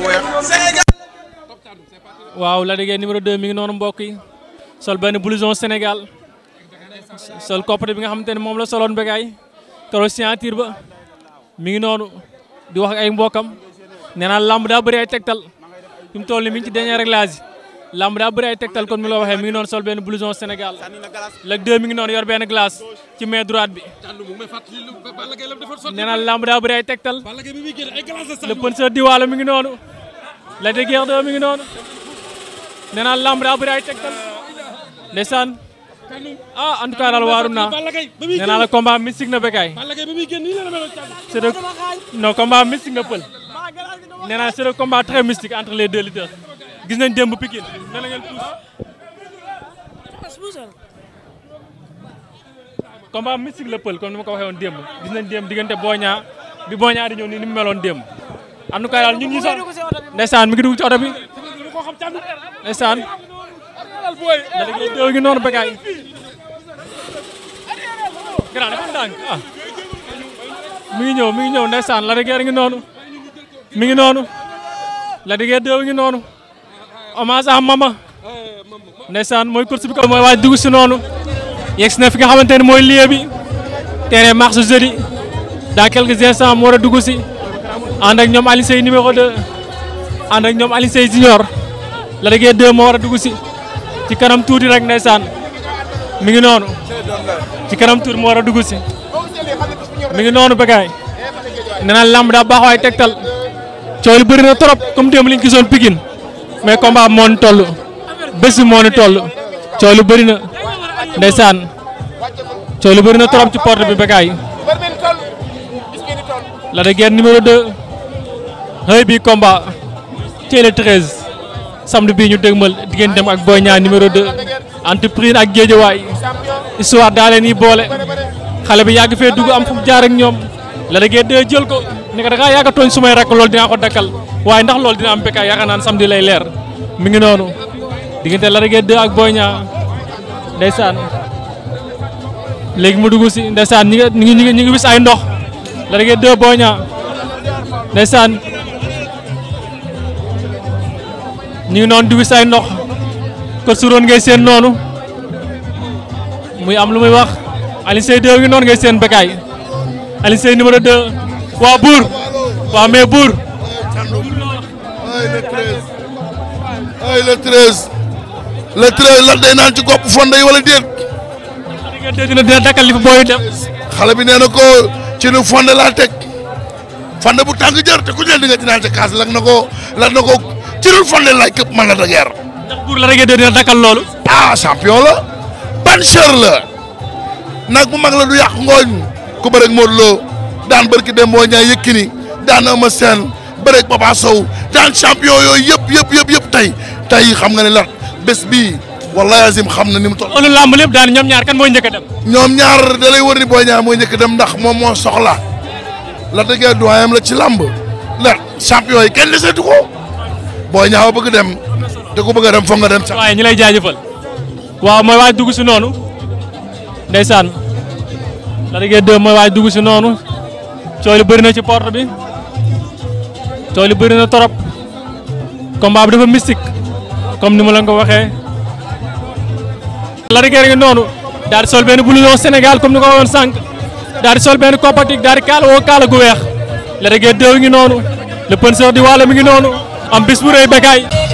bu weex. waaw Lac de Guiers numéro 2 mi ngi noonu mbokk yi sol benn blouson Sénégal sol coppite bi nga xamante ne moom la soloon Bécaye keroog signature ba mi ngi noonu di wax ay mbokkam nee naa lamb daa bëri ay tegtal fi mu toll nii mi ngi ci dernier réglage lamb daa bëri ay tegtal kon mi la waxee mi ngi noonu sol benn blouson Sénégal Lac 2 mi ngi noonu yor benn glace ci main droite bi nee naa lamb daa bëri ay tegtal le penseur noonu la de guerre de mi noonu nee naa lamb daa bëri ay tegtal ndeysaan ah en tout cas la combat mystique na bekaay c'est de non combat mystique na pël gis nañ bu pikin na la ngeen pousse. combat mystique le peul comme ni ko waxe won démb gis nañ démb diggante Boña bi Boña di ñëw nii ni mu meloon démb. am nu kay daal ñun ñi sa ndessane mi ngi dugg ci auto bi ndessane da ngay déw gi non bagay grand dafa ndànk ah. mi ngi ñëw mi ngi ñëw ndessane la rigueur ngi nonu mi ngi nonu la rigueur deew gi nonu hommage à mama ndeysaan mooy course bi ko mooy waaj dugg si noonu yegg na fi nga xamante ne mooy lieu bi terrain marche jeudi dans quelques instants mu war a dugg si ànd ak ñoom Alioune Seye numéro ak ñoom Alioune Seye junior la déggee 2 moo war a dugg si ci kanam tuuti rek ndeysaan mu ngi noonu ci kanam tuuti moo war a dugg si mi ngi noonu bagaay nee naa lamb daa baax waay tegtal coow li bëri na trop comme démb liñ gisoon Pikine mais combat moo ñu bés bi moo ñu toll coow lu bëri na ndeysaan coow lu bëri na trop ci porte bi Bécaye la de guerre numéro 2 xëy bi combat ci le 13 samedi bii ñu dégmal digganteem ak Boy Niang numéro 2 entreprise ak géejawaay histoire daa leen yi boole xale bi yàgg fee dugg am fu jaar ak ñoom la de guerre jël ko ne ko da ngaa yàgg a tooñ rakk loolu dinaa ko dakkal. waye ndax lol dina am pk yaakaar samedi lay leer mi ngi nonu diggante Lac de Guiers ak boyña ndaysan ndeysaan mu duggu si ndaysan ñi ngi ñi ngi wiss wis ay ndox la de Guiers boyña ndaysan ñi non du wiss ay ndox ko suron ngay seen nonu muy am lu muy wax ali sey 2 ngi ngay seen bekay ali sey numéro 2 wa bour wa mais bour ay le treize ay le treize le treize lan day naan ci gopp fonde wala déet. dina dakkal li fi booy dem. xale bi nee na ko ci nu fonde laa teg fonde bu tàng jër te ku jël di nga dinaa ca kaas lan na ko lan na ko ci nu fonde laay képp mën na da ger. ndax buur la rek dina dakkal loolu. ah champion la bancheur la nag bu mag la du yàq ngooñ ku bëreeg Modou Lo dan barki dem boo ñaay yëkkini daan ama seen bëreeg Papa Sow daan champion yooyu yep yep yep yep tay tay xam nga ne la bes bi wallahi azim xam na ni mu toll. loolu làmb lépp daan ñoom ñaar kan moy ñëk dem. ñom ñaar da lay wër ni booy ñaar mooy njëkk dem ndax mom mo soxla la dege doyam la ci lamb la champion yi kenn lesetu ko booy ñaaw bëgg dem da ko bëgg dem fo nga dem. sax way ñi lay jaajeufal waaw moy way dugg ci nonu ndaysan la dege deux moy way dugg ci nonu coow li bëri na ci porte bi. tool yi bëri na torop combat bi dafa mystique comme ni ma la ko waxee. Lac de Guiers ngi noonu daal di sol benn blouson Sénégal comme ni ko waxoon sànq daal di benn compatique daal di kaala woo kaala gu weex Lac de Guiers 2 ngi noonu le penseur di wàll mi ngi noonu am bis bu rëy Bécaye